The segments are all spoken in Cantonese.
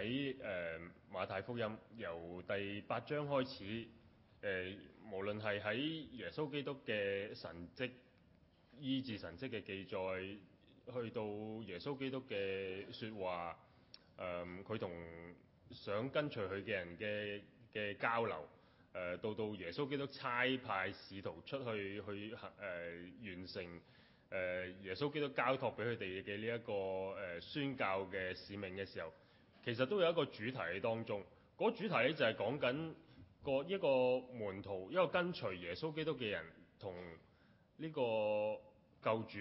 喺誒、呃、馬太福音由第八章開始，誒、呃、無論係喺耶穌基督嘅神蹟醫治神蹟嘅記載，去到耶穌基督嘅説話，誒、呃、佢同想跟隨佢嘅人嘅嘅交流，誒、呃、到到耶穌基督差派使徒出去去行，呃、完成誒、呃、耶穌基督交託俾佢哋嘅呢一個誒宣教嘅使命嘅時候，其實都有一個主題喺當中，嗰、那個、主題咧就係講緊個一個門徒一個跟隨耶穌基督嘅人同呢個救主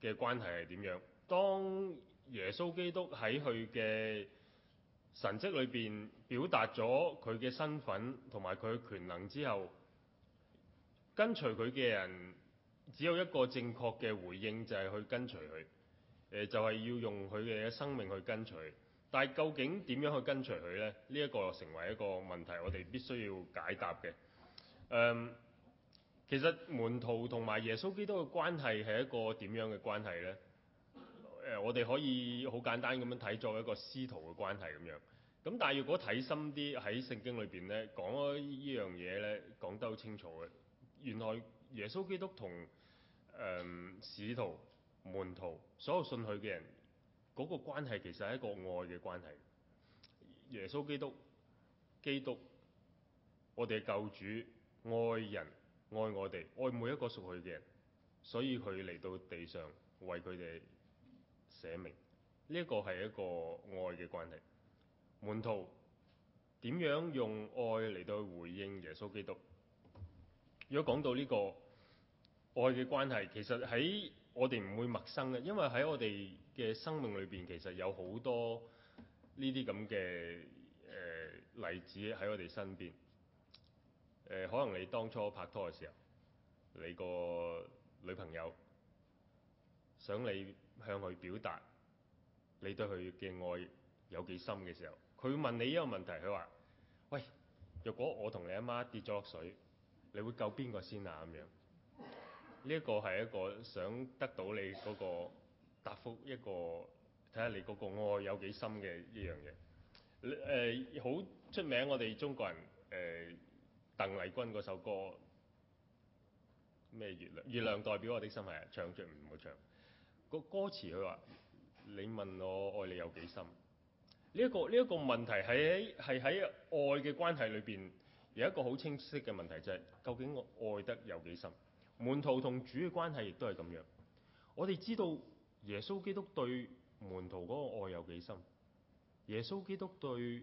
嘅關係係點樣？當耶穌基督喺佢嘅神跡裏邊表達咗佢嘅身份同埋佢嘅權能之後，跟隨佢嘅人只有一個正確嘅回應，就係、是、去跟隨佢。誒，就係、是、要用佢嘅生命去跟隨。但係究竟點樣去跟隨佢呢？呢、這、一個成為一個問題，我哋必須要解答嘅。誒、嗯，其實門徒同埋耶穌基督嘅關係係一個點樣嘅關係呢？誒、呃，我哋可以好簡單咁樣睇作一個師徒嘅關係咁樣。咁但係如果睇深啲喺聖經裏邊呢，講呢樣嘢呢講得好清楚嘅。原來耶穌基督同誒、嗯、使徒、門徒所有信佢嘅人。嗰個關係其實係一個愛嘅關係。耶穌基督、基督，我哋嘅救主，愛人、愛我哋、愛每一個屬佢嘅人，所以佢嚟到地上為佢哋寫明。呢一個係一個愛嘅關係。門徒點樣用愛嚟到回應耶穌基督？如果講到呢個愛嘅關係，其實喺我哋唔會陌生嘅，因為喺我哋嘅生命裏邊，其實有好多呢啲咁嘅誒例子，喺我哋身邊誒、呃、可能你當初拍拖嘅時候，你個女朋友想你向佢表達你對佢嘅愛有幾深嘅時候，佢問你一個問題，佢話：「喂，若果我同你阿媽跌咗落水，你會救邊個先啊？」咁樣呢一個係一個想得到你嗰個。答覆一個睇下你嗰個愛有幾深嘅一樣嘢。誒，好、呃、出名，我哋中國人誒、呃，鄧麗君嗰首歌咩月亮月亮代表我的心係啊，唱着唔好唱。個歌詞佢話：你問我愛你有幾深？呢、這、一個呢一、這個問題喺喺係喺愛嘅關係裏邊有一個好清晰嘅問題，就係、是、究竟愛得有幾深？門徒同主嘅關係亦都係咁樣。我哋知道。耶穌基督對門徒嗰個愛有幾深？耶穌基督對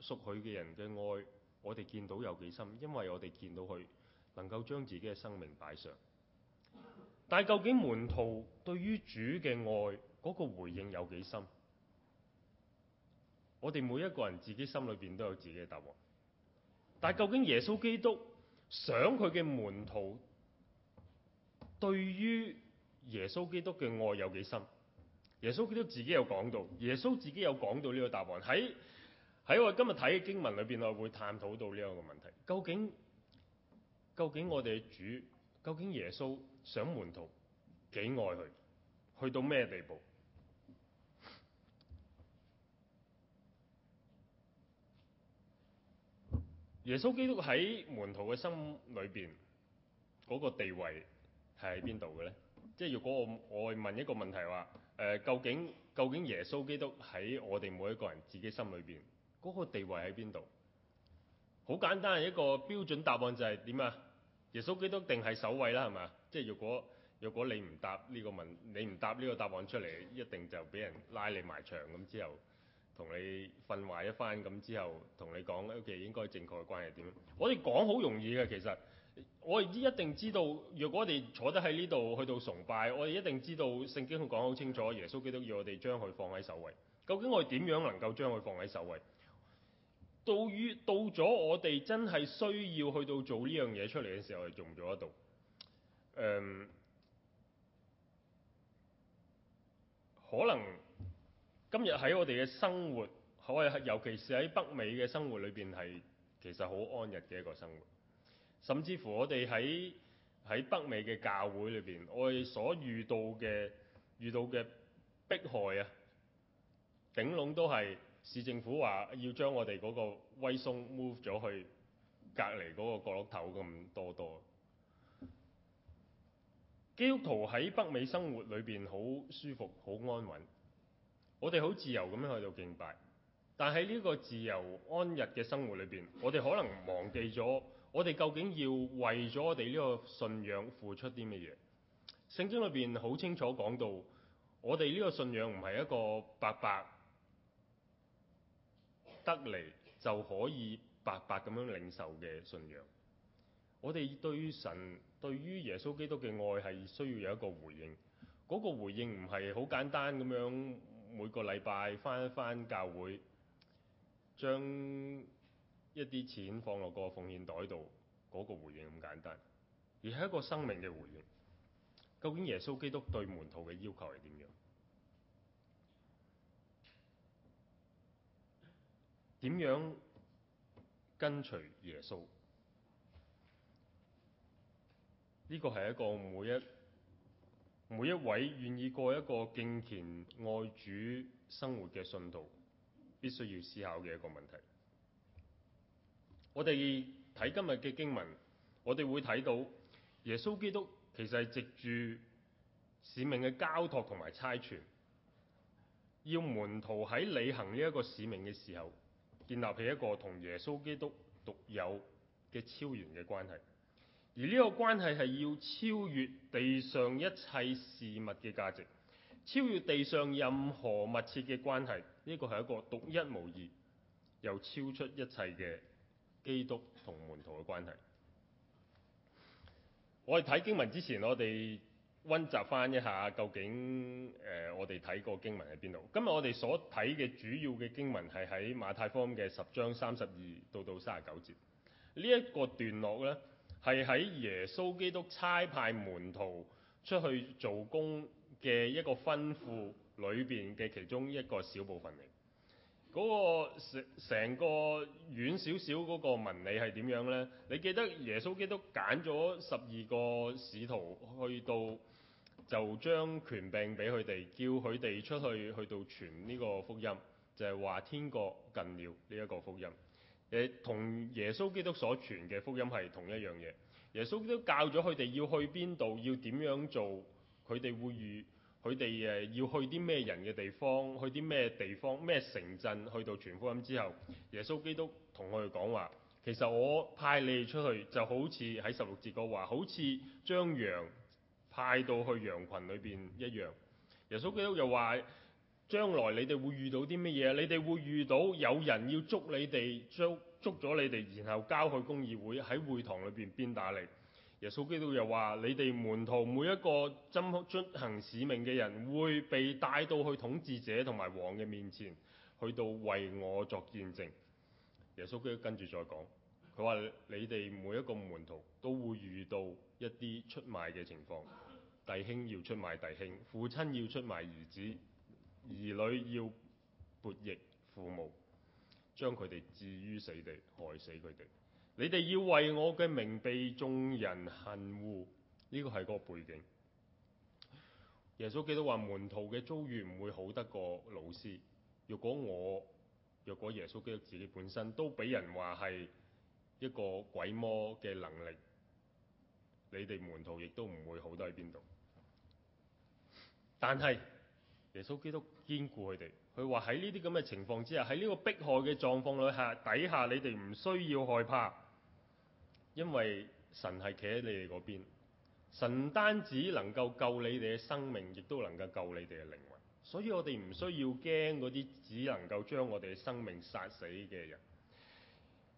屬佢嘅人嘅愛，我哋見到有幾深，因為我哋見到佢能夠將自己嘅生命擺上。但究竟門徒對於主嘅愛嗰個回應有幾深？我哋每一個人自己心裏邊都有自己嘅答案。但究竟耶穌基督想佢嘅門徒對於？耶穌基督嘅愛有幾深？耶穌基督自己有講到，耶穌自己有講到呢個答案。喺喺我今日睇嘅經文裏邊，我會探討到呢一個問題：究竟究竟我哋主，究竟耶穌想門徒幾愛佢，去到咩地步？耶穌基督喺門徒嘅心裏邊嗰個地位係喺邊度嘅咧？即係如果我我問一個問題話，誒、呃、究竟究竟耶穌基督喺我哋每一個人自己心裏邊嗰個地位喺邊度？好簡單嘅一個標準答案就係點啊？耶穌基督定係首位啦，係嘛？即係如果若果你唔答呢個問，你唔答呢個答案出嚟，一定就俾人拉你埋牆咁，之後同你訓話一番，咁之後同你講，OK，應該正確嘅關係點？我哋講好容易嘅，其實。我亦都一定知道，若果我哋坐得喺呢度去到崇拜，我哋一定知道聖經佢講好清楚，耶穌基督要我哋將佢放喺首位。究竟我哋點樣能夠將佢放喺首位？到於到咗我哋真係需要去到做呢樣嘢出嚟嘅時候，我哋做唔做得到？誒、嗯，可能今日喺我哋嘅生活，可謂尤其是喺北美嘅生活裏邊，係其實好安逸嘅一個生活。甚至乎我哋喺喺北美嘅教會裏邊，我哋所遇到嘅遇到嘅迫害啊，頂籠都係市政府話要將我哋嗰個威松 move 咗去隔離嗰個角落頭咁多多。基督徒喺北美生活裏邊好舒服、好安穩，我哋好自由咁樣去到敬拜，但喺呢個自由安逸嘅生活裏邊，我哋可能忘記咗。我哋究竟要為咗我哋呢個信仰付出啲乜嘢？聖經裏邊好清楚講到，我哋呢個信仰唔係一個白白得嚟就可以白白咁樣領受嘅信仰。我哋對神對於耶穌基督嘅愛係需要有一個回應，嗰個回應唔係好簡單咁樣，每個禮拜翻一翻教會將一啲錢放落個奉獻袋度，嗰個回應咁簡單，而係一個生命嘅回應。究竟耶穌基督對門徒嘅要求係點樣？點樣跟隨耶穌？呢個係一個每一每一位願意過一個敬虔愛主生活嘅信徒，必須要思考嘅一個問題。我哋睇今日嘅經文，我哋會睇到耶穌基督其實係藉住使命嘅交託同埋差傳，要門徒喺履行呢一個使命嘅時候，建立起一個同耶穌基督獨有嘅超然嘅關係。而呢個關係係要超越地上一切事物嘅價值，超越地上任何密切嘅關係。呢、這個係一個獨一無二又超出一切嘅。基督同門徒嘅關係。我哋睇經文之前，我哋溫習翻一下究竟，誒、呃，我哋睇過經文喺邊度？今日我哋所睇嘅主要嘅經文係喺馬太福音嘅十章三十二到到三十九節。呢、這、一個段落呢，係喺耶穌基督差派門徒出去做工嘅一個吩咐裏邊嘅其中一個小部分嚟。嗰個成成個遠少少嗰個文理係點樣呢？你記得耶穌基督揀咗十二個使徒去到，就將權柄俾佢哋，叫佢哋出去去到傳呢個福音，就係話天國近了呢一個福音。誒，同耶穌基督所傳嘅福音係同一樣嘢。耶穌基督教咗佢哋要去邊度，要點樣做，佢哋會遇。佢哋誒要去啲咩人嘅地方，去啲咩地方，咩城鎮，去到傳福音之後，耶穌基督同佢哋講話，其實我派你哋出去，就好似喺十六節講話，好似將羊派到去羊群裏邊一樣。耶穌基督又話，將來你哋會遇到啲乜嘢？你哋會遇到有人要捉你哋，捉捉咗你哋，然後交去公義會喺會堂裏邊鞭打你。耶穌基督又話：你哋門徒每一個執行使命嘅人會被帶到去統治者同埋王嘅面前，去到為我作見證。耶穌基督跟住再講，佢話：你哋每一個門徒都會遇到一啲出賣嘅情況，弟兄要出賣弟兄，父親要出賣兒子，兒女要悖逆父母，將佢哋置於死地，害死佢哋。你哋要為我嘅名被眾人恨惡。呢、這個係嗰個背景。耶穌基督話門徒嘅遭遇唔會好得過老師。若果我，若果耶穌基督自己本身都俾人話係一個鬼魔嘅能力，你哋門徒亦都唔會好得喺邊度。但係耶穌基督堅固佢哋，佢話喺呢啲咁嘅情況之下，喺呢個迫害嘅狀況底下，底下你哋唔需要害怕。因為神係企喺你哋嗰邊，神唔單止能夠救你哋嘅生命，亦都能夠救你哋嘅靈魂。所以我哋唔需要驚嗰啲只能夠將我哋嘅生命殺死嘅人。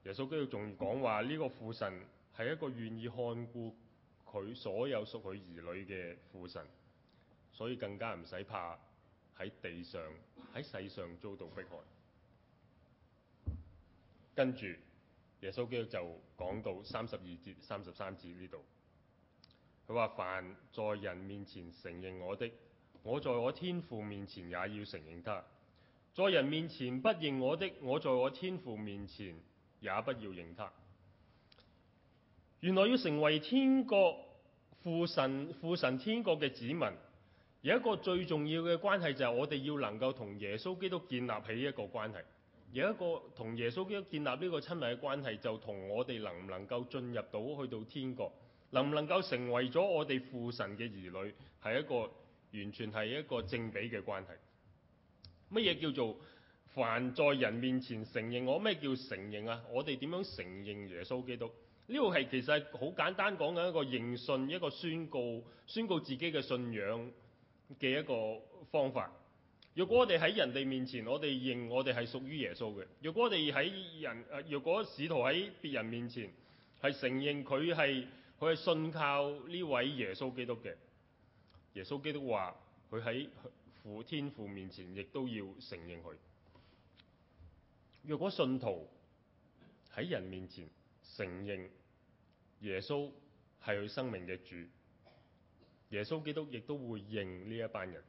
耶穌基督仲講，話呢個父神係一個願意看顧佢所有屬佢兒女嘅父神，所以更加唔使怕喺地上喺世上遭到迫害。跟住。耶穌基督就講到三十二節、三十三節呢度，佢話：凡在人面前承認我的，我在我天父面前也要承認他；在人面前不認我的，我在我天父面前也不要認他。原來要成為天國父神、父神天國嘅子民，有一個最重要嘅關係就係我哋要能夠同耶穌基督建立起一個關係。有一個同耶穌基督建立呢個親密嘅關係，就同我哋能唔能夠進入到去到天國，能唔能夠成為咗我哋父神嘅兒女，係一個完全係一個正比嘅關係。乜嘢叫做凡在人面前承認我？咩叫承認啊？我哋點樣承認耶穌基督？呢個係其實係好簡單講緊一個認信、一個宣告、宣告自己嘅信仰嘅一個方法。如果我哋喺人哋面前，我哋認我哋係屬於耶穌嘅；如果我哋喺人，誒，如果使徒喺別人面前係承認佢係佢係信靠呢位耶穌基督嘅，耶穌基督話佢喺父天父面前亦都要承認佢。如果信徒喺人面前承認耶穌係佢生命嘅主，耶穌基督亦都會認呢一班人。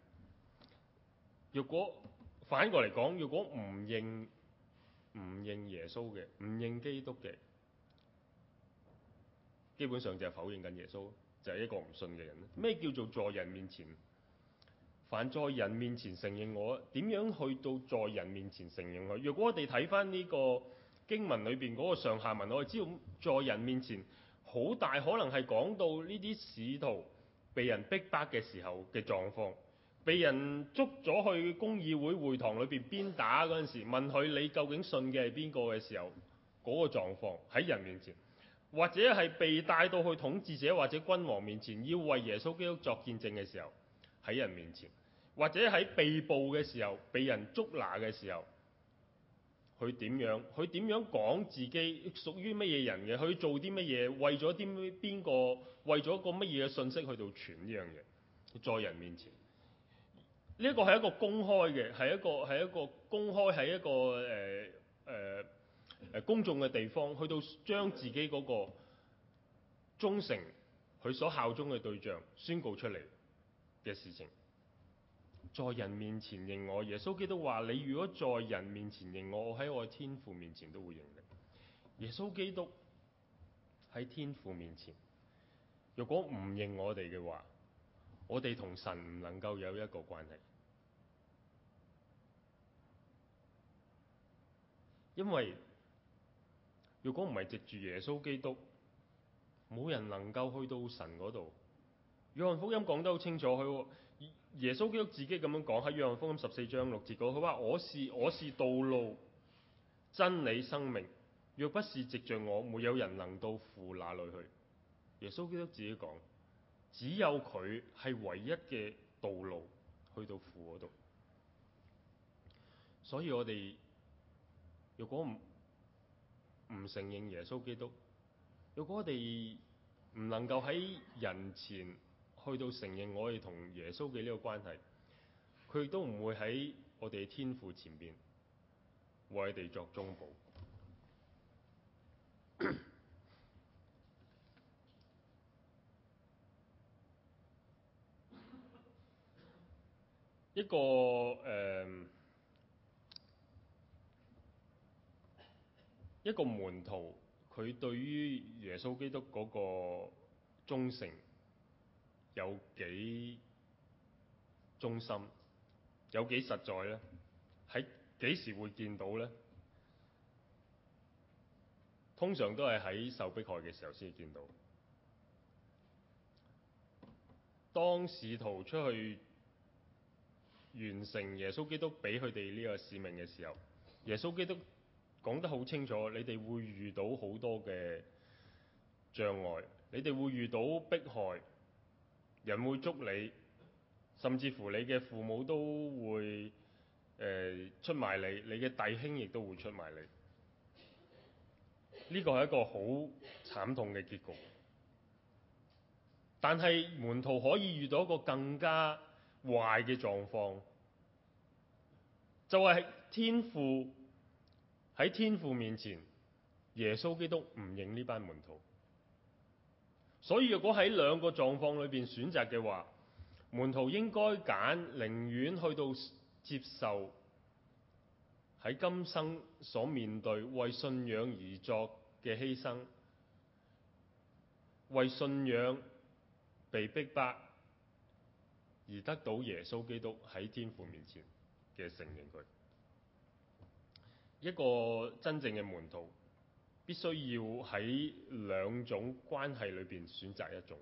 如果反過嚟講，如果唔認唔認耶穌嘅，唔認基督嘅，基本上就係否認緊耶穌，就係一個唔信嘅人。咩叫做在人面前？凡在人面前承認我，點樣去到在人面前承認佢？如果我哋睇翻呢個經文裏邊嗰個上下文，我哋知道在人面前好大可能係講到呢啲使徒被人逼迫嘅時候嘅狀況。被人捉咗去公議會會堂裏邊鞭打嗰陣時，問佢你究竟信嘅係邊個嘅時候，嗰個狀況喺人面前；或者係被帶到去統治者或者君王面前，要為耶穌基督作見證嘅時候，喺人面前；或者喺被捕嘅時候，被人捉拿嘅時候，佢點樣？佢點樣講自己屬於乜嘢人嘅？佢做啲乜嘢？為咗啲邊個？為咗個乜嘢嘅信息去到傳呢樣嘢？在人面前。呢個係一個公開嘅，係一個係一個公開，係一個誒誒誒公眾嘅地方，去到將自己嗰個忠誠佢所效忠嘅對象宣告出嚟嘅事情，在人面前認我，耶穌基督話：你如果在人面前認我，我喺我天父面前都會認你。耶穌基督喺天父面前，若果唔認我哋嘅話。我哋同神唔能夠有一個關係，因為如果唔係藉住耶穌基督，冇人能夠去到神嗰度。約翰福音講得好清楚，佢耶穌基督自己咁樣講喺約翰福音十四章六節嗰度，佢話：我是我是道路、真理、生命，若不是藉著我，沒有人能到父那裡去。耶穌基督自己講。只有佢係唯一嘅道路去到父嗰度，所以我哋如果唔唔承認耶穌基督，如果我哋唔能夠喺人前去到承認我哋同耶穌嘅呢個關係，佢都唔會喺我哋天父前邊為我哋作中保。 一個誒、嗯，一個門徒，佢對於耶穌基督嗰個忠誠有幾忠心，有幾實在咧？喺幾時會見到咧？通常都係喺受迫害嘅時候先見到。當使徒出去，完成耶穌基督俾佢哋呢個使命嘅時候，耶穌基督講得好清楚，你哋會遇到好多嘅障礙，你哋會遇到迫害，人會捉你，甚至乎你嘅父母都會誒、呃、出賣你，你嘅弟兄亦都會出賣你。呢、這個係一個好慘痛嘅結局。但係門徒可以遇到一個更加壞嘅狀況。就係天父，喺天父面前，耶穌基督唔認呢班門徒。所以如果喺兩個狀況裏邊選擇嘅話，門徒應該揀寧願去到接受喺今生所面對為信仰而作嘅犧牲，為信仰被逼迫而得到耶穌基督喺天父面前嘅承認佢。一個真正嘅門徒必須要喺兩種關係裏邊選擇一種，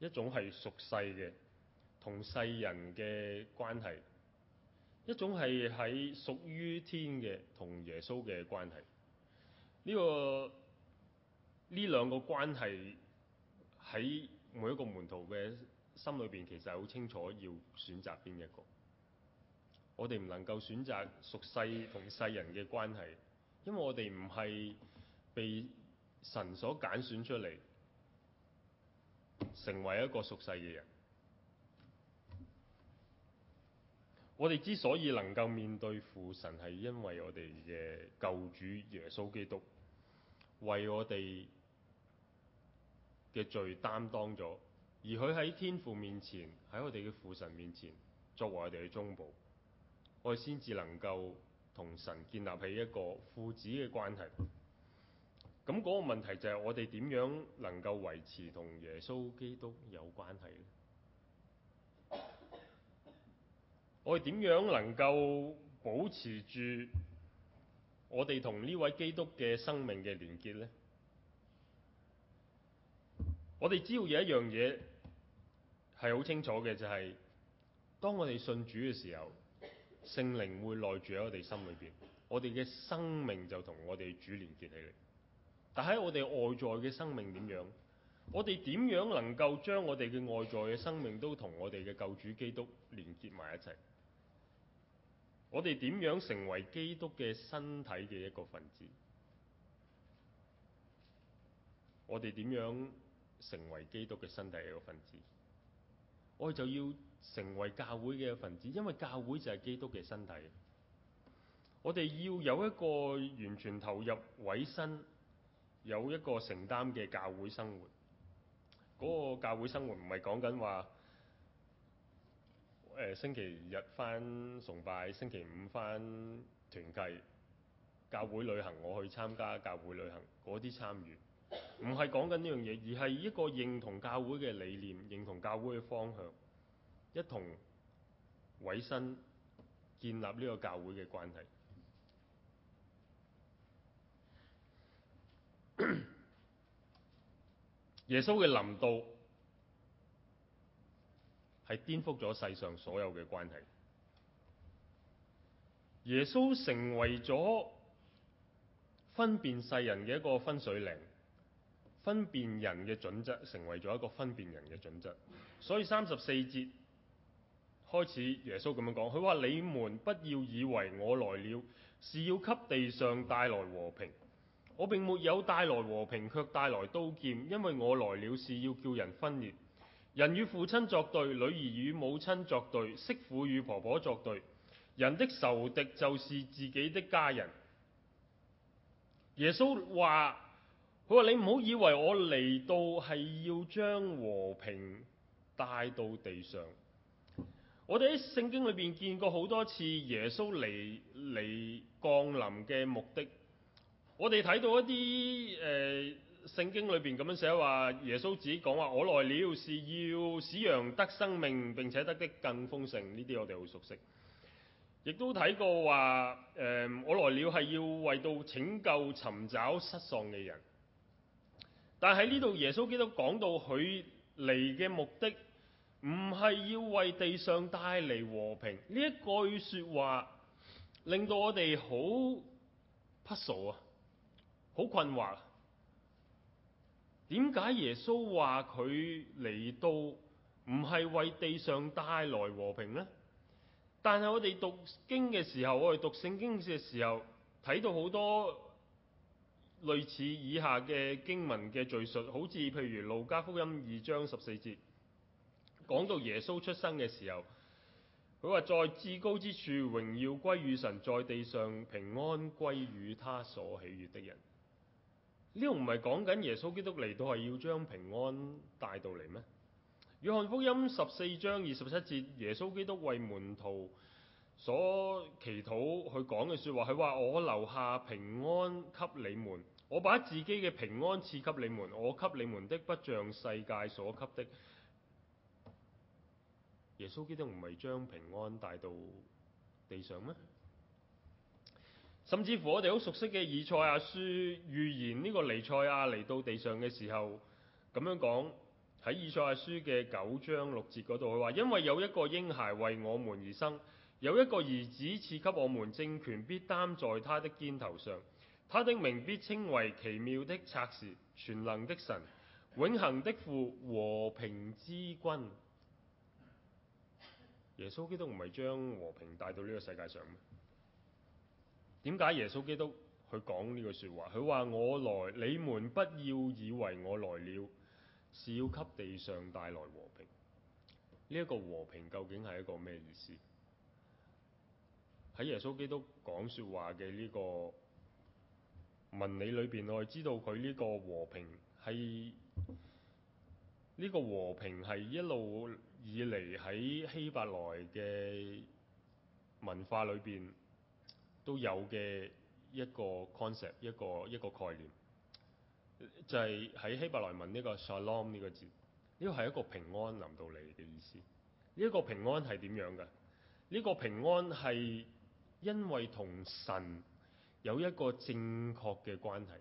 一種係屬世嘅同世人嘅關係，一種係喺屬於天嘅同耶穌嘅關係。呢、呢個呢兩個關係喺每一個門徒嘅心裏邊其實，好清楚要選擇邊一個。我哋唔能夠選擇屬世同世人嘅關係，因為我哋唔係被神所揀選出嚟成為一個屬世嘅人。我哋之所以能夠面對父神，係因為我哋嘅救主耶穌基督為我哋嘅罪擔當咗，而佢喺天父面前，喺我哋嘅父神面前作為我哋嘅中保。我哋先至能夠同神建立起一個父子嘅關係。咁嗰個問題就係我哋點樣能夠維持同耶穌基督有關係咧？我哋點樣能夠保持住我哋同呢位基督嘅生命嘅連結咧？我哋知道有一樣嘢係好清楚嘅，就係當我哋信主嘅時候，聖靈會內住喺我哋心裏邊，我哋嘅生命就同我哋主連結起嚟。但係我哋外在嘅生命點樣？我哋點樣能夠將我哋嘅外在嘅生命都同我哋嘅救主基督連結埋一齊？我哋點樣成為基督嘅身體嘅一個分子？我哋點樣成為基督嘅身體嘅一個分子？我哋就要成為教會嘅份子，因為教會就係基督嘅身體。我哋要有一個完全投入、委身、有一個承擔嘅教會生活。嗰、那個教會生活唔係講緊話，誒星期日返崇拜，星期五返團契、教會旅行，我去參加教會旅行嗰啲參與。唔係講緊呢樣嘢，而係一個認同教會嘅理念，認同教會嘅方向，一同委身建立呢個教會嘅關係。 耶穌嘅臨到係顛覆咗世上所有嘅關係。耶穌成為咗分辨世人嘅一個分水嶺。分辨人嘅準則，成為咗一個分辨人嘅準則，所以三十四節開始耶穌咁樣講，佢話 你們不要以為我來了是要給地上帶來和平，我並沒有帶來和平，卻帶來刀劍，因為我來了是要叫人分裂，人與父親作對，女兒與母親作對，媳婦與婆婆作對，人的仇敵就是自己的家人。耶穌話。佢話，你唔好以為我嚟到係要將和平帶到地上。我哋喺聖經裏邊見過好多次耶穌嚟嚟降臨嘅目的。我哋睇到一啲誒、呃、聖經裏邊咁樣寫話，耶穌自己講話，我來了是要使羊得生命並且得的更豐盛。呢啲我哋好熟悉，亦都睇過話誒、呃、我來了係要為到拯救尋找失喪嘅人。但喺呢度，耶穌基督講到佢嚟嘅目的，唔係要為地上帶嚟和平。呢一句説話令到我哋好 puzzle 啊，好困惑。點解耶穌話佢嚟到唔係為地上帶來和平呢？但係我哋讀經嘅時候，我哋讀聖經嘅時候，睇到好多。類似以下嘅經文嘅敘述，好似譬如路加福音二章十四節，講到耶穌出生嘅時候，佢話，在至高之處榮耀歸與神，在地上平安歸與他所喜悅的人。呢度唔係講緊耶穌基督嚟到係要將平安帶到嚟咩？約翰福音十四章二十七節，耶穌基督為門徒。所祈禱去講嘅説話，佢話：我留下平安給你們，我把自己嘅平安賜給你們，我給你們的不像世界所給的。耶穌基督唔係將平安帶到地上咩？甚至乎我哋好熟悉嘅以賽亞書預言呢個彌賽亞嚟到地上嘅時候，咁樣講喺以賽亞書嘅九章六節嗰度，佢話：因為有一個嬰孩為我們而生。有一個兒子賜給我們政權，必擔在他的肩頭上，他的名必稱為奇妙的策士、全能的神、永恒的父、和平之君。耶穌基督唔係將和平帶到呢個世界上咩？點解耶穌基督去講呢個說話？佢話我來，你們不要以為我來了是要給地上帶來和平。呢一個和平究竟係一個咩意思？喺耶穌基督講説話嘅呢個文理裏邊，我哋知道佢呢個和平係呢、這個和平係一路以嚟喺希伯來嘅文化裏邊都有嘅一個 concept，一個一個概念，就係、是、喺希伯來文呢個 shalom 呢個字，呢個係一個平安臨到嚟嘅意思。呢、這、一個平安係點樣嘅？呢、這個平安係因為同神有一個正確嘅關係，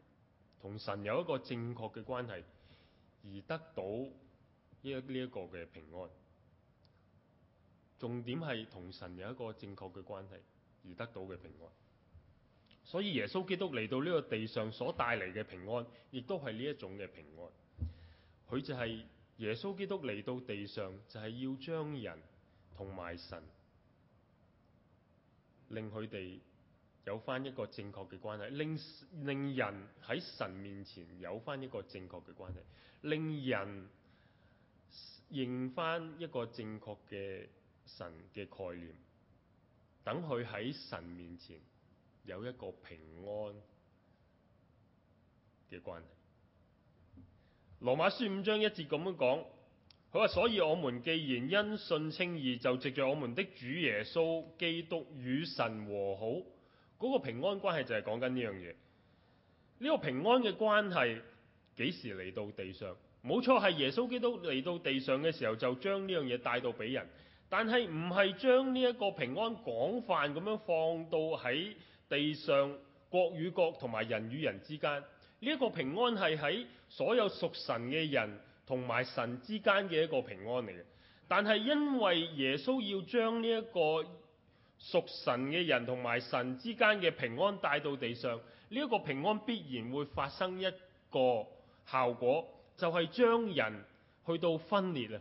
同神有一個正確嘅關係，而得到呢一呢一個嘅、這個、平安。重點係同神有一個正確嘅關係而得到嘅平安。所以耶穌基督嚟到呢個地上所帶嚟嘅平安，亦都係呢一種嘅平安。佢就係、是、耶穌基督嚟到地上就係、是、要將人同埋神。令佢哋有翻一個正確嘅關係，令令人喺神面前有翻一個正確嘅關係，令人認翻一個正確嘅神嘅概念，等佢喺神面前有一個平安嘅關係。羅馬書五章一節咁樣講。佢話：所以我們既然因信稱義，就藉著我們的主耶穌基督與神和好。嗰個平安關係就係講緊呢樣嘢。呢個平安嘅關係幾時嚟到地上？冇錯，係耶穌基督嚟到地上嘅時候，就將呢樣嘢帶到俾人。但係唔係將呢一個平安廣泛咁樣放到喺地上國與國同埋人與人之間。呢一個平安係喺所有屬神嘅人同埋神之間嘅一個平安嚟嘅，但係因為耶穌要將呢一個屬神嘅人同埋神之間嘅平安帶到地上，呢、這、一個平安必然會發生一個效果，就係、是、將人去到分裂啊！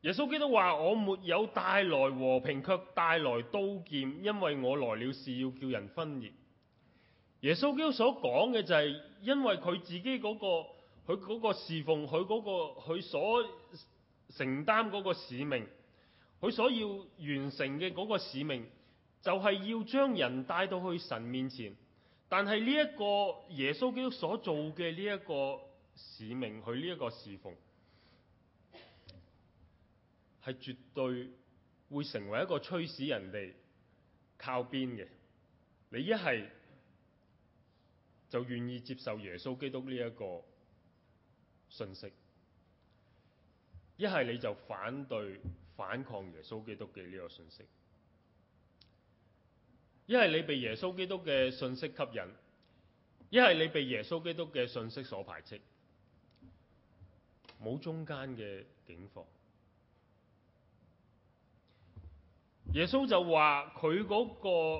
耶穌基督話：我沒有帶來和平，卻帶來刀劍，因為我來了是要叫人分裂。耶穌基督所講嘅就係因為佢自己嗰個佢嗰個侍奉佢嗰個佢所承擔嗰個使命，佢所要完成嘅嗰個使命，就係要將人帶到去神面前。但係呢一個耶穌基督所做嘅呢一個使命，佢呢一個侍奉，係絕對會成為一個驅使人哋靠邊嘅。你一係。就願意接受耶穌基督呢一個信息，一係你就反對反抗耶穌基督嘅呢個信息，一係你被耶穌基督嘅信息吸引，一係你被耶穌基督嘅信息所排斥，冇中間嘅境況。耶穌就話佢嗰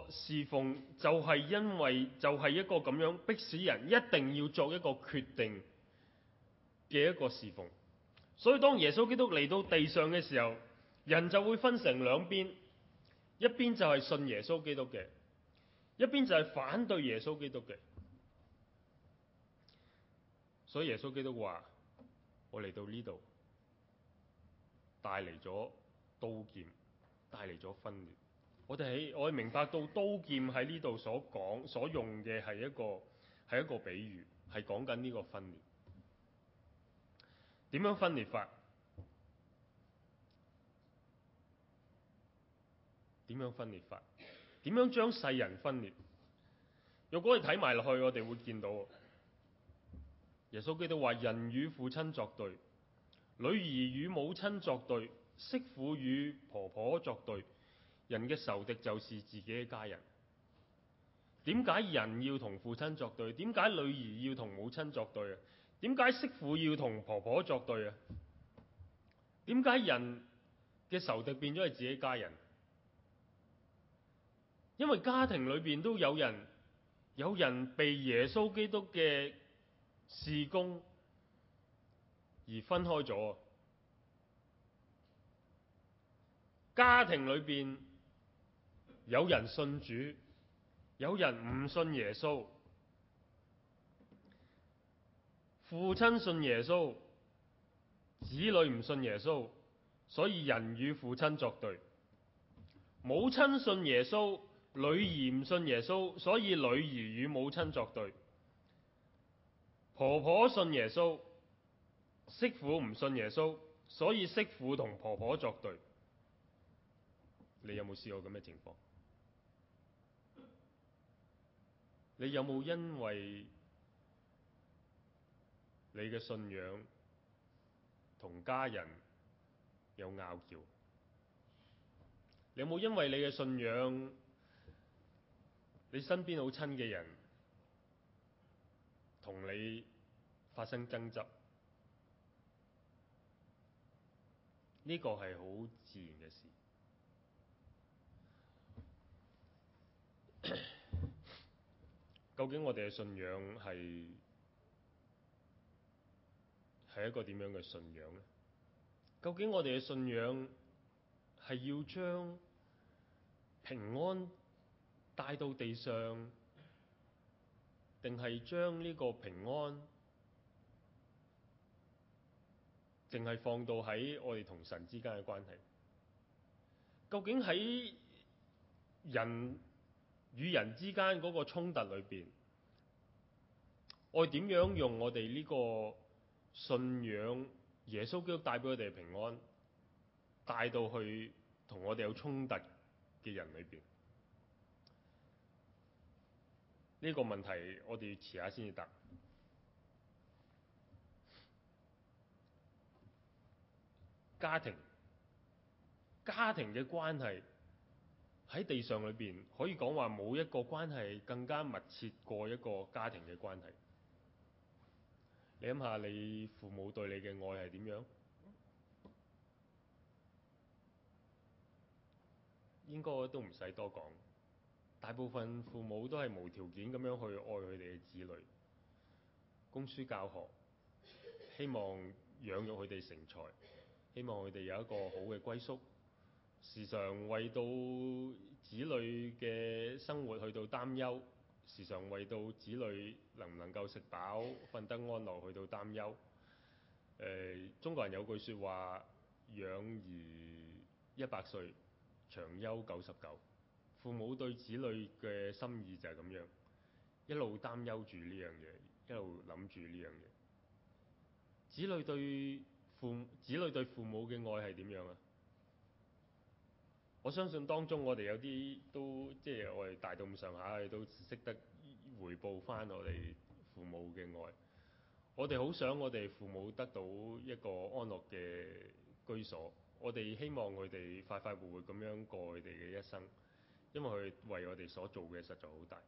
個侍奉就係因為就係一個咁樣逼使人一定要作一個決定嘅一個侍奉，所以當耶穌基督嚟到地上嘅時候，人就會分成兩邊，一邊就係信耶穌基督嘅，一邊就係反對耶穌基督嘅，所以耶穌基督話：我嚟到呢度帶嚟咗刀劍。帶嚟咗分裂，我哋喺我哋明白到刀劍喺呢度所講所用嘅係一個係一個比喻，係講緊呢個分裂。點樣分裂法？點樣分裂法？點樣將世人分裂？若果你睇埋落去，我哋會見到耶穌基督話：人與父親作對，女兒與母親作對。媳婦與婆婆作對，人嘅仇敵就是自己嘅家人。點解人要同父親作對？點解女兒要同母親作對啊？點解媳婦要同婆婆作對啊？點解人嘅仇敵變咗係自己家人？因為家庭裏邊都有人，有人被耶穌基督嘅事工而分開咗啊！家庭裏邊有人信主，有人唔信耶穌。父親信耶穌，子女唔信耶穌，所以人與父親作對。母親信耶穌，女兒唔信耶穌，所以女兒與母親作對。婆婆信耶穌，媳婦唔信耶穌，所以媳婦同婆婆作對。你有冇試過咁嘅情況？你有冇因為你嘅信仰同家人有拗撬？你有冇因為你嘅信仰，你身邊好親嘅人同你發生爭執？呢個係好自然嘅事。究竟我哋嘅信仰係係一個點樣嘅信仰呢？究竟我哋嘅信仰係要將平安帶到地上，定係將呢個平安淨係放到喺我哋同神之間嘅關係？究竟喺人？與人之間嗰個衝突裏邊，我點樣用我哋呢個信仰耶穌基督帶俾我哋嘅平安，帶到去同我哋有衝突嘅人裏邊？呢、這個問題我哋要遲下先至答：家庭，家庭嘅關係。喺地上裏面，可以講話冇一個關係更加密切過一個家庭嘅關係。你諗下，你父母對你嘅愛係點樣？應該都唔使多講。大部分父母都係無條件咁樣去愛佢哋嘅子女，供書教學，希望養育佢哋成才，希望佢哋有一個好嘅歸宿。時常為到子女嘅生活去到擔憂，時常為到子女能唔能夠食飽、瞓得安樂去到擔憂。呃，中國人有句説話：養兒一百歲，長憂九十九。父母對子女嘅心意就係咁樣，一路擔憂住呢樣嘢，一路諗住呢樣嘢。子女對父子女對父母嘅愛係點樣啊？我相信當中我哋有啲都即係我哋大到咁上下，都識得回報返我哋父母嘅愛。我哋好想我哋父母得到一個安樂嘅居所，我哋希望佢哋快快活活咁樣過佢哋嘅一生，因為佢為我哋所做嘅實在好大。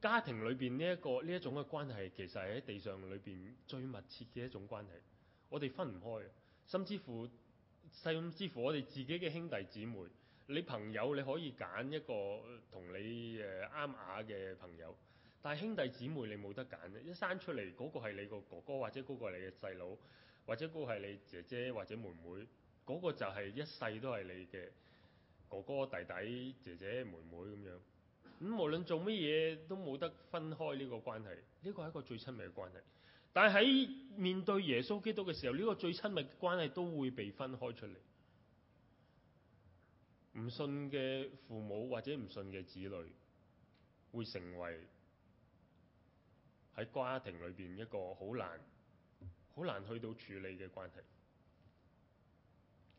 家庭裏邊呢一個呢一種嘅關係，其實係喺地上裏邊最密切嘅一種關係，我哋分唔開，甚至乎。甚至乎我哋自己嘅兄弟姊妹，你朋友你可以揀一個同你誒啱啱嘅朋友，但係兄弟姊妹你冇得揀嘅，一生出嚟嗰個係你個哥哥或者嗰個係你嘅細佬，或者嗰個係你，你姐姐或者妹妹，嗰個就係一世都係你嘅哥哥弟弟姐姐妹妹咁樣，咁、嗯、無論做乜嘢都冇得分開呢個關係，呢個係一個最親密嘅關係。但係喺面對耶穌基督嘅時候，呢個最親密嘅關係都會被分開出嚟。唔信嘅父母或者唔信嘅子女，會成為喺家庭裏邊一個好難好難去到處理嘅關係，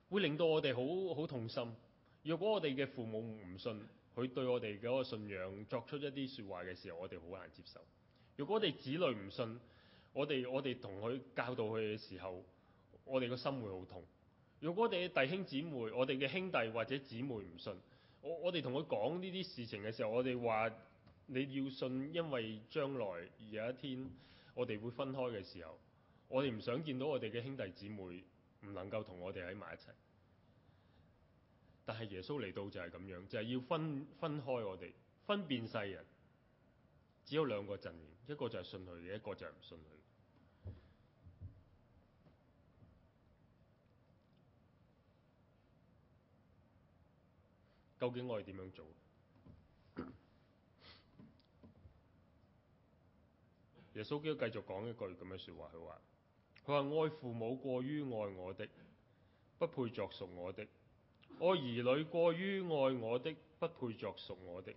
會令到我哋好好痛心。若果我哋嘅父母唔信，佢對我哋嗰個信仰作出一啲說話嘅時候，我哋好難接受。若果我哋子女唔信，我哋我哋同佢教導佢嘅時候，我哋個心會好痛。如果我哋嘅弟兄姊妹、我哋嘅兄弟或者姊妹唔信，我我哋同佢講呢啲事情嘅時候，我哋話你要信，因為將來有一天我哋會分開嘅時候，我哋唔想見到我哋嘅兄弟姊妹唔能夠同我哋喺埋一齊。但係耶穌嚟到就係咁樣，就係、是、要分分開我哋，分辨世人。只有兩個陣營，一個就係信佢嘅，一個就係唔信佢。究竟我係點樣做？ 耶穌基督繼續講一句咁樣説話，佢話，佢話 愛父母過於愛我的，不配作屬我的；愛兒女過於愛我的，不配作屬我的。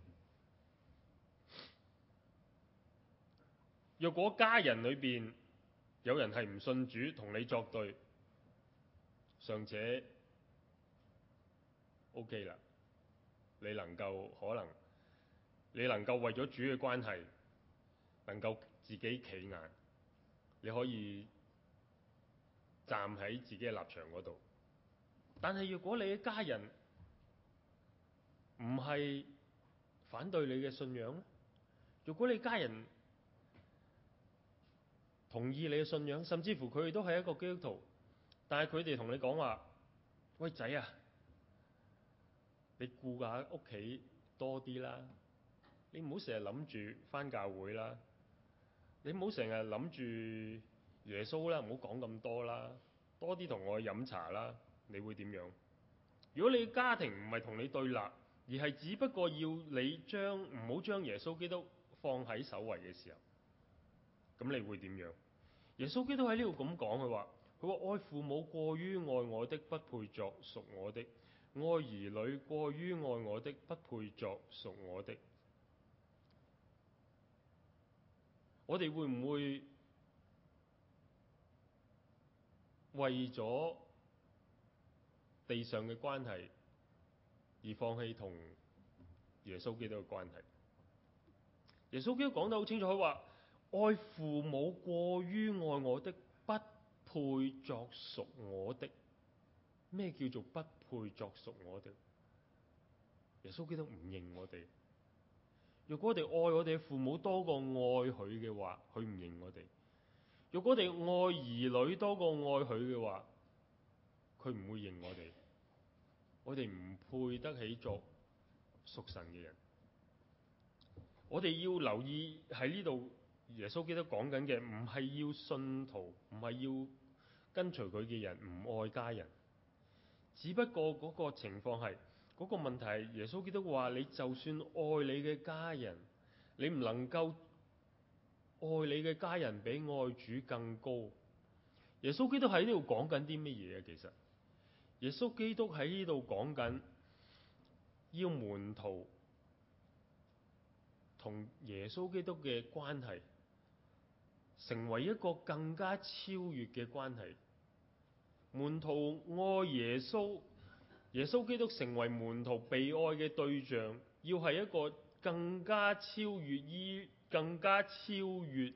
若果家人裏邊有人係唔信主同你作對，尚且 OK 啦，你能夠，可能你能夠為咗主嘅關係，能夠自己企硬，你可以站喺自己嘅立場嗰度。但係若果你嘅家人唔係反對你嘅信仰咧，若果你家人，同意你嘅信仰，甚至乎佢哋都係一個基督徒，但係佢哋同你講話，喂，仔啊，你顧下屋企多啲啦，你唔好成日諗住返教會啦，你唔好成日諗住耶穌啦，唔好講咁多啦，多啲同我去飲茶啦，你會點樣？如果你嘅家庭唔係同你對立，而係只不過要你將唔好將耶穌基督放喺首位嘅時候，咁你會點樣？耶穌基督喺呢度咁講，佢話佢話愛父母過於愛我的，不配作屬我的；愛兒女過於愛我的，不配作屬我的。我哋會唔會為咗地上嘅關係而放棄同耶穌基督嘅關係？耶穌基督講得好清楚，佢話，愛父母過於愛我的，不配作屬我的。咩叫做不配作屬我的？耶穌基督唔認我哋。如果我哋愛我哋父母多過愛佢嘅話，佢唔認我哋。如果我哋愛兒女多過愛佢嘅話，佢唔會認我哋。我哋唔配得起作屬神嘅人。我哋要留意喺呢度。耶穌基督講緊嘅唔係要信徒，唔係要跟隨佢嘅人唔愛家人。只不過嗰個情況係，嗰個問題係耶穌基督話：你就算愛你嘅家人，你唔能夠愛你嘅家人比愛主更高。耶穌基督喺呢度講緊啲乜嘢啊？其實耶穌基督喺呢度講緊要門徒同耶穌基督嘅關係。成為一個更加超越嘅關係，門徒愛耶穌，耶穌基督成為門徒被愛嘅對象，要係一個更加超越於，更加超越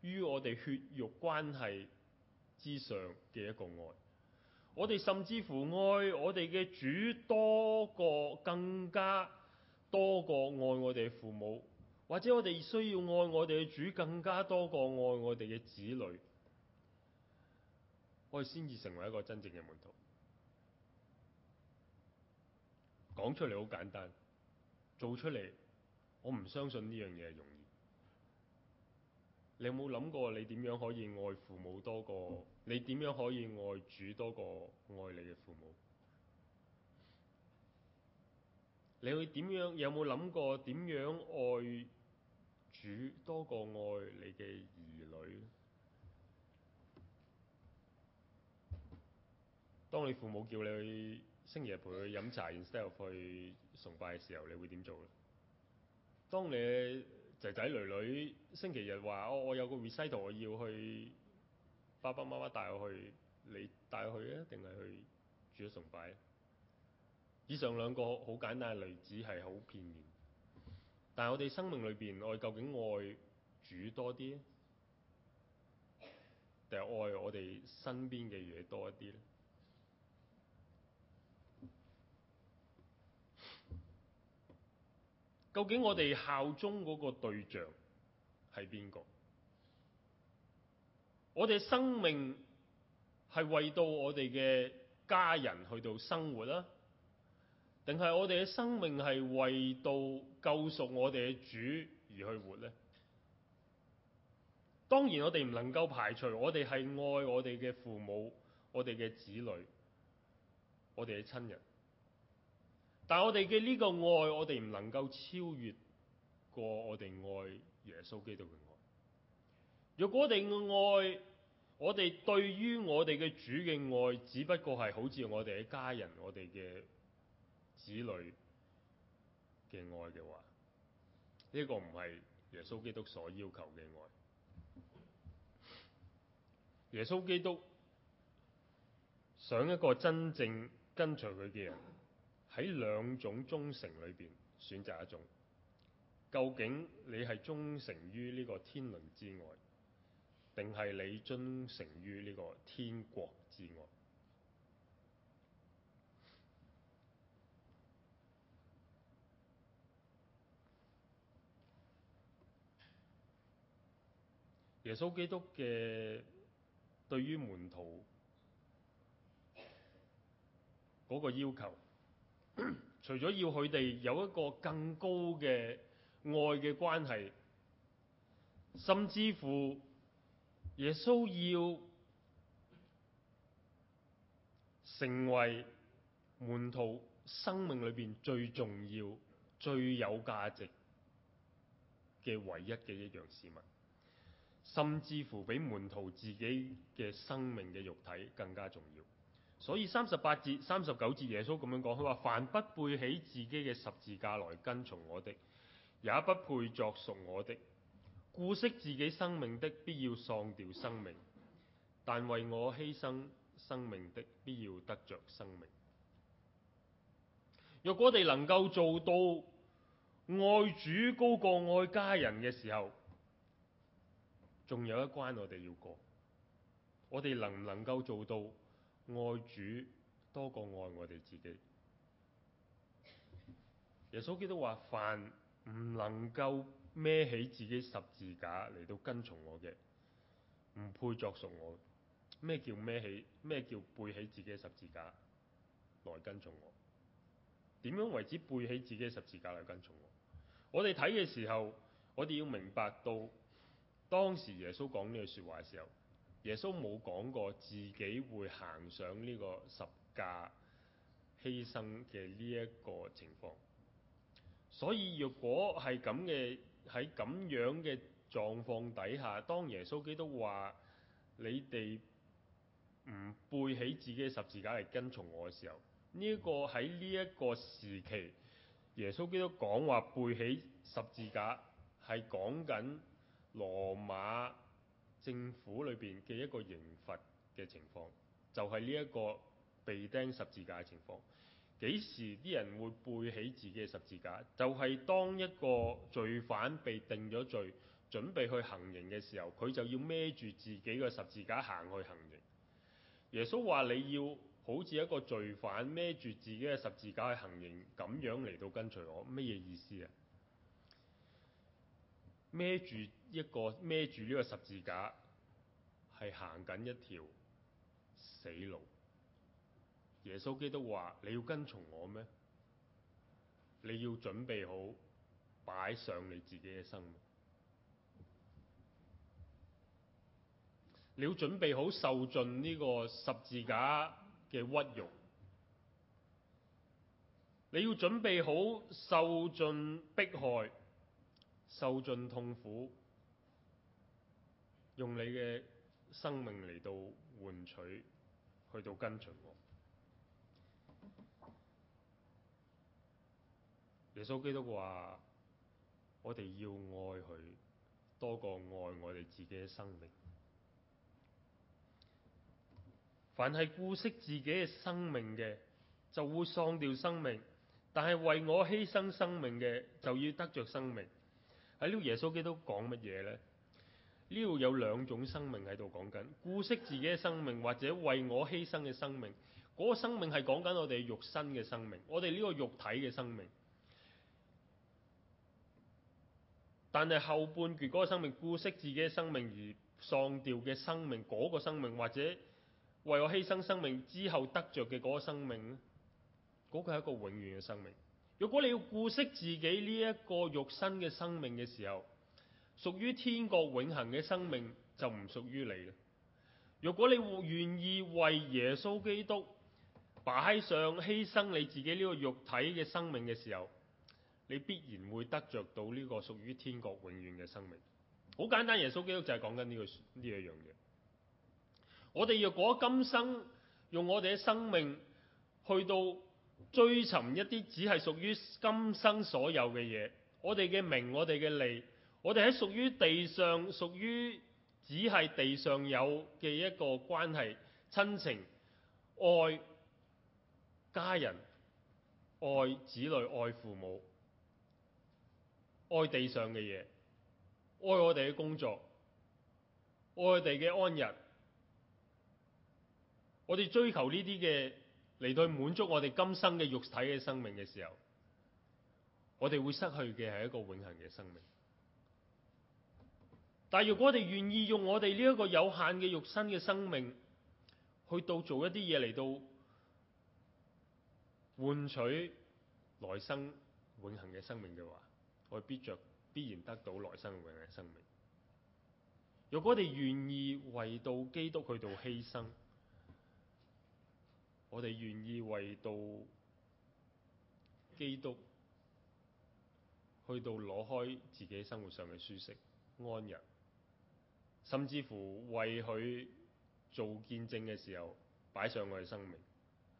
於我哋血肉關係之上嘅一個愛。我哋甚至乎愛我哋嘅主，多過更加多過愛我哋嘅父母。或者我哋需要愛我哋嘅主更加多過愛我哋嘅子女，我哋先至成為一個真正嘅門徒。講出嚟好簡單，做出嚟我唔相信呢樣嘢係容易。你有冇諗過你點樣可以愛父母多過？你點樣可以愛主多過愛你嘅父母？你會點樣？有冇諗過點樣愛？主多個愛你嘅兒女。當你父母叫你星期日陪佢飲茶，instead of 去崇拜嘅時候，你會點做咧？當你仔仔女女星期日話：我、oh, 我有個 recital，我要去。爸爸媽媽帶我去，你帶佢去啊？定係去煮咗崇拜？以上兩個好簡單嘅例子係好片面。但係我哋生命裏邊，我哋究竟愛主多啲，定係愛我哋身邊嘅嘢多啲咧？究竟我哋效忠嗰個對象係邊個？我哋生命係為到我哋嘅家人去到生活啦、啊。定係我哋嘅生命係為到救贖我哋嘅主而去活呢？當然我哋唔能夠排除我哋係愛我哋嘅父母、我哋嘅子女、我哋嘅親人，但係我哋嘅呢個愛，我哋唔能夠超越過我哋愛耶穌基督嘅愛。若果我哋嘅愛，我哋對於我哋嘅主嘅愛，只不過係好似我哋嘅家人、我哋嘅……子女嘅愛嘅話，呢、這個唔係耶穌基督所要求嘅愛。耶穌基督想一個真正跟隨佢嘅人，喺兩種忠誠裏邊選擇一種。究竟你係忠誠於呢個天倫之愛，定係你忠誠於呢個天國之愛？耶穌基督嘅對於門徒嗰個要求， 除咗要佢哋有一個更高嘅愛嘅關係，甚至乎耶穌要成為門徒生命裏面最重要、最有價值嘅唯一嘅一樣事物。甚至乎比門徒自己嘅生命嘅肉體更加重要。所以三十八節、三十九節耶穌咁樣講，佢話：凡不背起自己嘅十字架來跟從我的，也不配作屬我的。顧惜自己生命的，必要喪掉生命；但為我犧牲生命的，必要得着生命。若果你能夠做到愛主高過愛家人嘅時候，仲有一關我哋要過，我哋能唔能夠做到愛主多過愛我哋自己？耶穌基督話：凡唔能夠孭起自己十字架嚟到跟從我嘅，唔配作屬我。咩叫孭起？咩叫背起自己十字架來跟從我？點樣為之背起自己十字架嚟跟，跟從我？我哋睇嘅時候，我哋要明白到。當時耶穌講呢句說話嘅時候，耶穌冇講過自己會行上呢個十架犧牲嘅呢一個情況。所以若果係咁嘅喺咁樣嘅狀況底下，當耶穌基督話你哋唔背起自己十字架嚟跟從我嘅時候，呢一個喺呢一個時期，耶穌基督講話背起十字架係講緊。羅馬政府裏邊嘅一個刑罰嘅情況，就係呢一個被釘十字架嘅情況。幾時啲人會背起自己嘅十字架？就係當一個罪犯被定咗罪，準備去行刑嘅時候，佢就要孭住自己嘅十字架行去行刑。耶穌話：你要好似一個罪犯孭住自己嘅十字架去行刑，咁樣嚟到跟隨我，咩嘢意思啊？孭住一個孭住呢個十字架，係行緊一條死路。耶穌基督話：你要跟從我咩？你要準備好擺上你自己嘅生命。你要準備好受盡呢個十字架嘅屈辱。你要準備好受盡迫害。受盡痛苦，用你嘅生命嚟到換取，去到跟隨我。耶穌基督話：我哋要愛佢，多過愛我哋自己嘅生命。凡係顧惜自己嘅生命嘅，就會喪掉生命；但係為我犧牲生命嘅，就要得着生命。喺呢個耶穌基督講乜嘢呢？呢度有兩種生命喺度講緊，顧惜自己嘅生命或者為我犧牲嘅生命，嗰個生命係講緊我哋肉身嘅生命，我哋呢個肉體嘅生命。但係後半段嗰個生命，顧惜自己嘅生命而喪掉嘅生命，嗰個生命或者為我犧牲生命之後得着嘅嗰個生命，嗰個係一個永遠嘅生命。如果你要顧惜自己呢一個肉身嘅生命嘅時候，屬於天國永恆嘅生命就唔屬於你啦。如果你願意為耶穌基督擺上犧牲你自己呢個肉體嘅生命嘅時候，你必然會得着到呢個屬於天國永遠嘅生命。好簡單，耶穌基督就係講緊呢個呢一樣嘢。我哋若果今生用我哋嘅生命去到，追尋一啲只係屬於今生所有嘅嘢，我哋嘅名，我哋嘅利，我哋喺屬於地上，屬於只係地上有嘅一個關係，親情、愛家人、愛子女、愛父母、愛地上嘅嘢、愛我哋嘅工作、愛我哋嘅安逸，我哋追求呢啲嘅，嚟到滿足我哋今生嘅肉體嘅生命嘅時候，我哋會失去嘅係一個永恆嘅生命。但係若果我哋願意用我哋呢一個有限嘅肉身嘅生命，去到做一啲嘢嚟到換取來生永恆嘅生命嘅話，我哋必着必然得到來生永恆嘅生命。如果我哋願意為到基督去到犧牲。我哋願意為到基督去到攞開自己生活上嘅舒適安逸，甚至乎為佢做見證嘅時候擺上我嘅生命，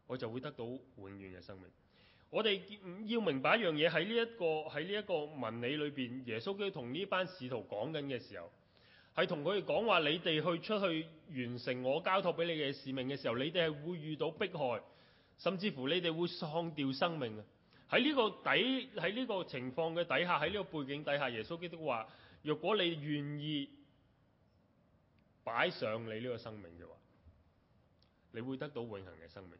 我就會得到永遠嘅生命。我哋要明白一樣嘢，喺呢一個喺呢一個文理裏邊，耶穌基督同呢班使徒講緊嘅時候。係同佢哋講話，你哋去出去完成我交託俾你嘅使命嘅時候，你哋係會遇到迫害，甚至乎你哋會喪掉生命嘅。喺呢個底，喺呢個情況嘅底下，喺呢個背景底下，耶穌基督話：若果你願意擺上你呢個生命嘅話，你會得到永恒嘅生命；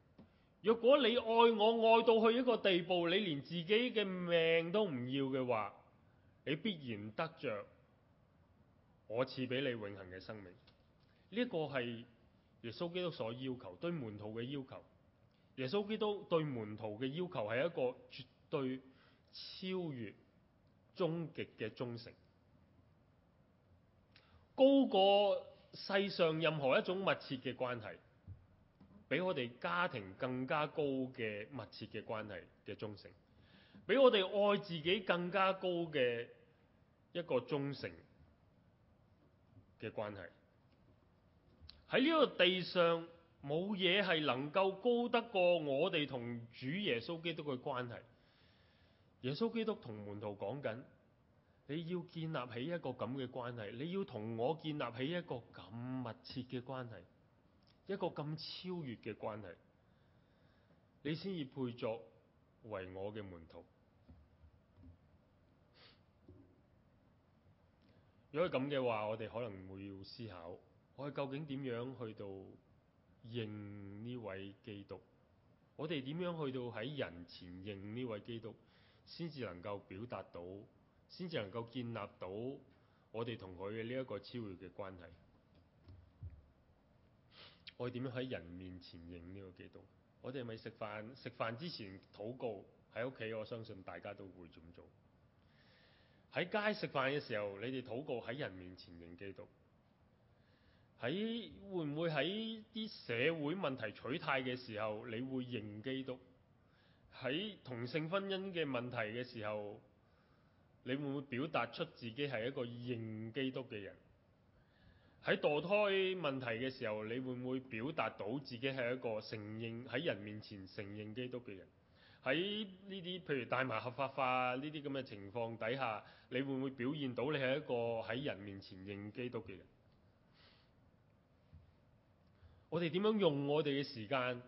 若果你愛我愛到去一個地步，你連自己嘅命都唔要嘅話，你必然得着。我賜俾你永恆嘅生命，呢、這、一個係耶穌基督所要求對門徒嘅要求。耶穌基督對門徒嘅要求係一個絕對超越終極嘅忠誠，高過世上任何一種密切嘅關係，比我哋家庭更加高嘅密切嘅關係嘅忠誠，比我哋愛自己更加高嘅一個忠誠。嘅關係喺呢個地上冇嘢係能夠高得過我哋同主耶穌基督嘅關係。耶穌基督同門徒講緊：你要建立起一個咁嘅關係，你要同我建立起一個咁密切嘅關係，一個咁超越嘅關係，你先至配作為我嘅門徒。如果咁嘅話，我哋可能會要思考，我哋究竟點樣去到認呢位基督？我哋點樣去到喺人前認呢位基督，先至能夠表達到，先至能夠建立到我哋同佢嘅呢一個超越嘅關係？我哋點樣喺人面前認呢個基督？我哋係咪食飯，食飯之前禱告喺屋企，我相信大家都會咁做。喺街食飯嘅時候，你哋禱告喺人面前認基督。喺會唔會喺啲社會問題取態嘅時候，你會認基督？喺同性婚姻嘅問題嘅時候，你會唔會表達出自己係一個認基督嘅人？喺墮胎問題嘅時候，你會唔會表達到自己係一個承認喺人面前承認基督嘅人？喺呢啲譬如大麻合法化呢啲咁嘅情況底下，你會唔會表現到你係一個喺人面前認基督嘅人？我哋點樣用我哋嘅時間，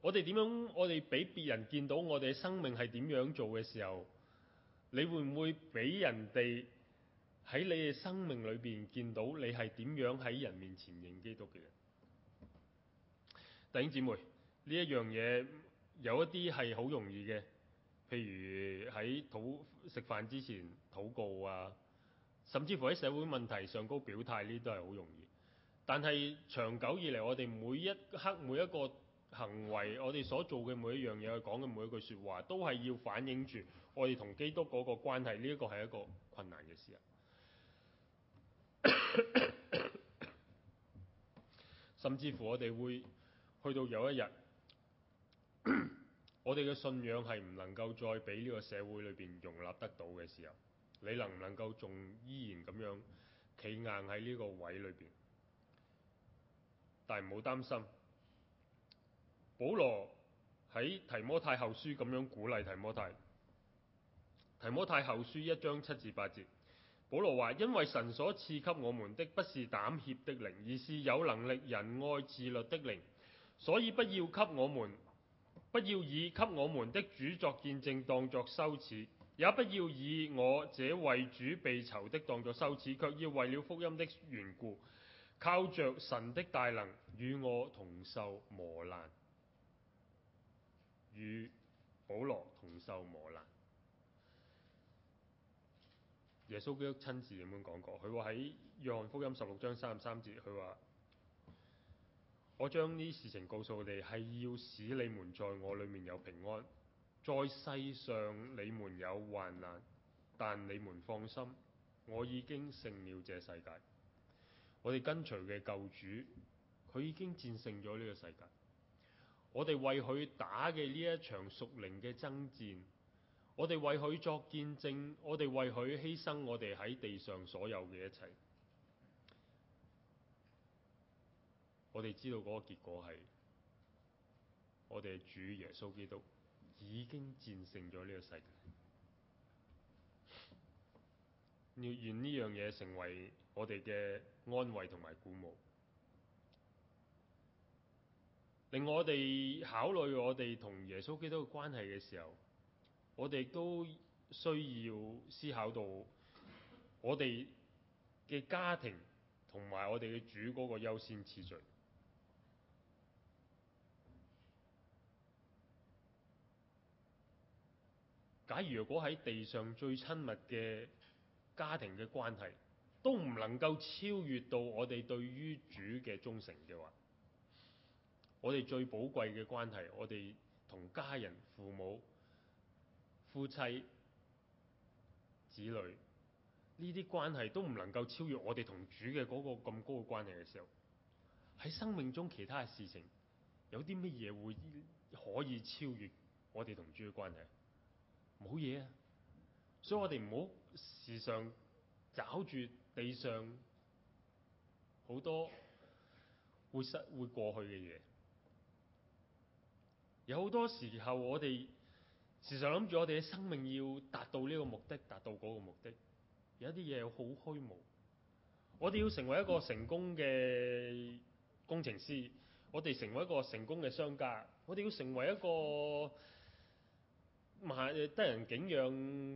我哋點樣我哋俾別人見到我哋嘅生命係點樣做嘅時候，你會唔會俾人哋喺你嘅生命裏邊見到你係點樣喺人面前認基督嘅人？弟兄姊妹，呢一樣嘢。有一啲係好容易嘅，譬如喺討食飯之前禱告啊，甚至乎喺社會問題上，上高表態呢都係好容易。但係長久以嚟，我哋每一刻每一個行為，我哋所做嘅每一樣嘢，講嘅每一句說話都係要反映住我哋同基督嗰個關係。呢一個係一個困難嘅事啊！ 甚至乎我哋會去到有一日。 我哋嘅信仰係唔能夠再俾呢個社會裏邊容納得到嘅時候，你能唔能夠仲依然咁樣企硬喺呢個位裏邊？但係唔好擔心，保羅喺提摩太後書咁樣鼓勵提摩太。提摩太後書一章七至八節，保羅話：因為神所賜給我們的不是膽怯的靈，而是有能力、仁愛、自律的靈，所以不要給我們。不要以給我們的主作見證當作羞恥，也不要以我這為主被囚的當作羞恥，卻要為了福音的緣故，靠着神的大能與我同受磨難，與保羅同受磨難。耶穌基督親自咁樣講過，佢話喺約翰福音十六章三十三節，佢話。我將呢事情告訴你哋，係要使你們在我裏面有平安，在世上你們有患難，但你們放心，我已經勝了這世界。我哋跟隨嘅救主，佢已經戰勝咗呢個世界。我哋為佢打嘅呢一場屬靈嘅爭戰，我哋為佢作見證，我哋為佢犧牲，我哋喺地上所有嘅一切。我哋知道嗰個結果係，我哋嘅主耶穌基督已經戰勝咗呢個世界。要願呢樣嘢成為我哋嘅安慰同埋鼓舞，令我哋考慮我哋同耶穌基督嘅關係嘅時候，我哋都需要思考到我哋嘅家庭同埋我哋嘅主嗰個優先次序。假如如果喺地上最親密嘅家庭嘅關係都唔能夠超越到我哋對於主嘅忠誠嘅話，我哋最寶貴嘅關係，我哋同家人、父母、夫妻、子女呢啲關係都唔能夠超越我哋同主嘅嗰個咁高嘅關係嘅時候，喺生命中其他嘅事情有啲乜嘢會可以超越我哋同主嘅關係？冇嘢啊！所以我哋唔好時常找住地上好多會失會過去嘅嘢。有好多時候我，時我哋時常諗住我哋嘅生命要達到呢個目的，達到嗰個目的。有一啲嘢好虛無。我哋要成為一個成功嘅工程師，我哋成為一個成功嘅商家，我哋要成為一個。唔係得人景仰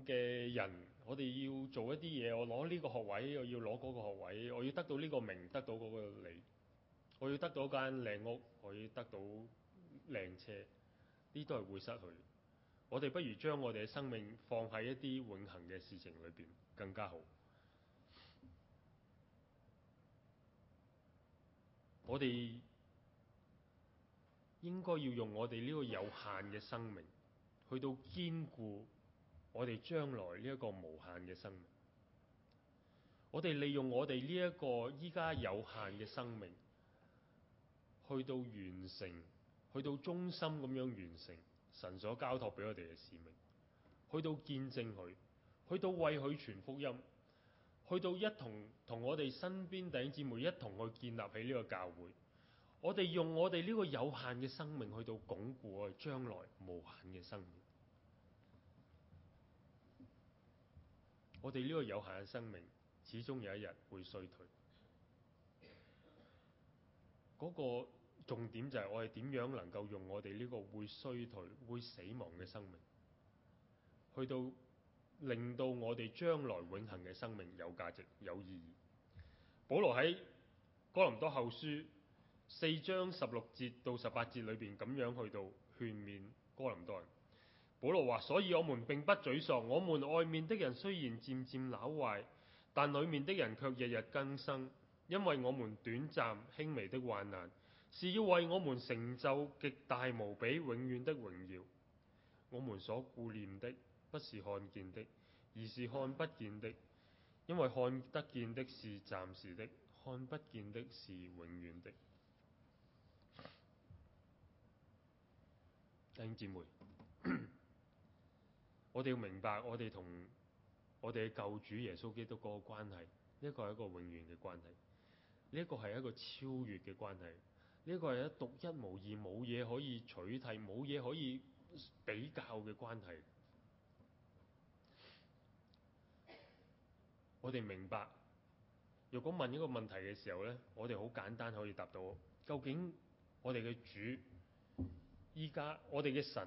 嘅人，我哋要做一啲嘢。我攞呢個學位，我要攞個學位，我要得到呢個名，得到嗰個利，我要得到間靚屋，可以得到靚車，呢啲都係會失去。我哋不如將我哋嘅生命放喺一啲永恒嘅事情裏邊，更加好。我哋應該要用我哋呢個有限嘅生命。去到兼顧我哋將來呢一個無限嘅生命，我哋利用我哋呢一個而家有限嘅生命，去到完成，去到忠心咁樣完成神所交託俾我哋嘅使命，去到見證佢，去到為佢傳福音，去到一同同我哋身邊弟兄姊妹一同去建立起呢個教會。我哋用我哋呢個有限嘅生命去到鞏固我哋將來無限嘅生命。我哋呢個有限嘅生命，始終有一日會衰退。嗰個重點就係我哋點樣能夠用我哋呢個會衰退、會死亡嘅生命，去到令到我哋將來永恆嘅生命有價值、有意義。保羅喺哥林多後書，四章十六節到十八節裏邊咁樣去到勸勉哥林多人保羅話：所以我們並不沮喪，我們外面的人雖然漸漸朽壞，但裡面的人卻日日更生。因為我們短暫輕微的患難是要為我們成就極大無比永遠的榮耀。我們所顧念的不是看見的，而是看不見的，因為看得見的是暫時的，看不見的是永遠的。弟兄姊妹， 我哋要明白，我哋同我哋嘅救主耶穌基督嗰個關係，呢、這個係一個永遠嘅關係，呢、這個係一個超越嘅關係，呢、這個係一獨一無二、冇嘢可以取締，冇嘢可以比較嘅關係。我哋明白，如果問呢個問題嘅時候咧，我哋好簡單可以答到：究竟我哋嘅主？而家我哋嘅神，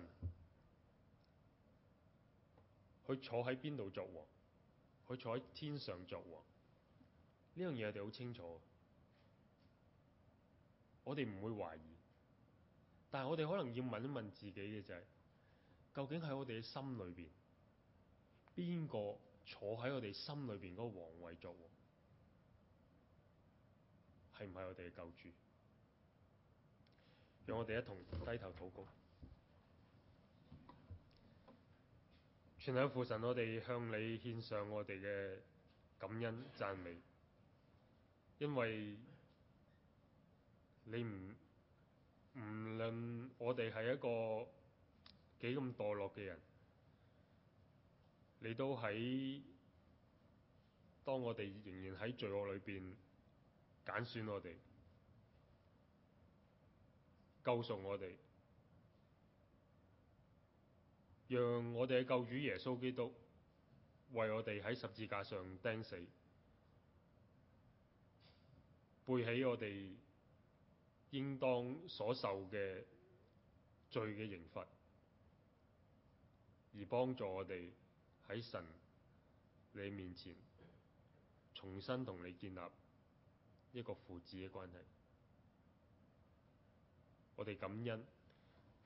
佢坐喺邊度做王？佢坐喺天上做王？呢樣嘢，我哋好清楚，我哋唔會懷疑。但係我哋可能要問一問自己嘅就係，究竟喺我哋嘅心裏邊，邊個坐喺我哋心裏邊嗰個皇位做王？係唔係我哋嘅救主？讓我哋一同低頭禱告。全體父神，我哋向你獻上我哋嘅感恩讚美，因為你唔，無論我哋係一個幾咁墮落嘅人，你都喺，當我哋仍然喺罪惡裏面，揀選我哋。救贖我哋，讓我哋嘅救主耶穌基督為我哋喺十字架上釘死，背起我哋應當所受嘅罪嘅刑罰，而幫助我哋喺神你面前重新同你建立一個父子嘅關係。我哋感恩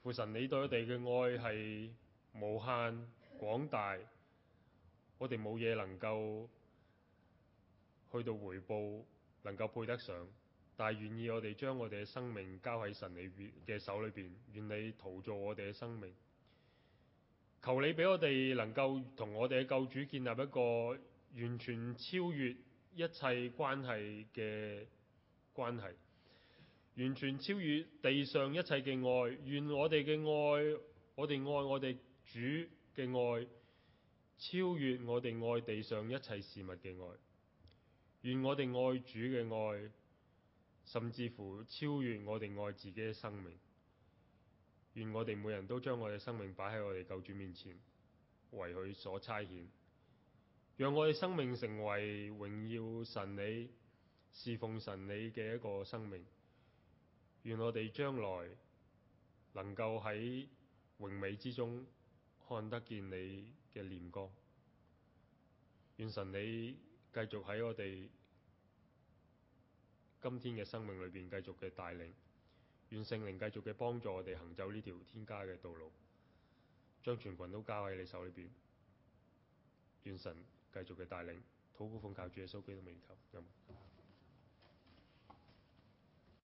父神，你對我哋嘅愛係無限廣大，我哋冇嘢能夠去到回報，能夠配得上。但係願意我哋將我哋嘅生命交喺神你嘅手裏邊，願你陶造我哋嘅生命。求你畀我哋能夠同我哋嘅救主建立一個完全超越一切關係嘅關係。完全超越地上一切嘅愛，願我哋嘅愛，我哋愛我哋主嘅愛，超越我哋愛地上一切事物嘅愛。願我哋愛主嘅愛，甚至乎超越我哋愛自己嘅生命。願我哋每人都將我哋嘅生命擺喺我哋救主面前，為佢所差遣，讓我哋生命成為榮耀神你、侍奉神你嘅一個生命。願我哋將來能夠喺榮美之中看得見你嘅臉光。願神你繼續喺我哋今天嘅生命裏邊繼續嘅帶領，願聖靈繼續嘅幫助我哋行走呢條天家嘅道路，將全群都交喺你手裏邊。願神繼續嘅帶領，禱告奉靠主耶穌基督嘅名求，嗯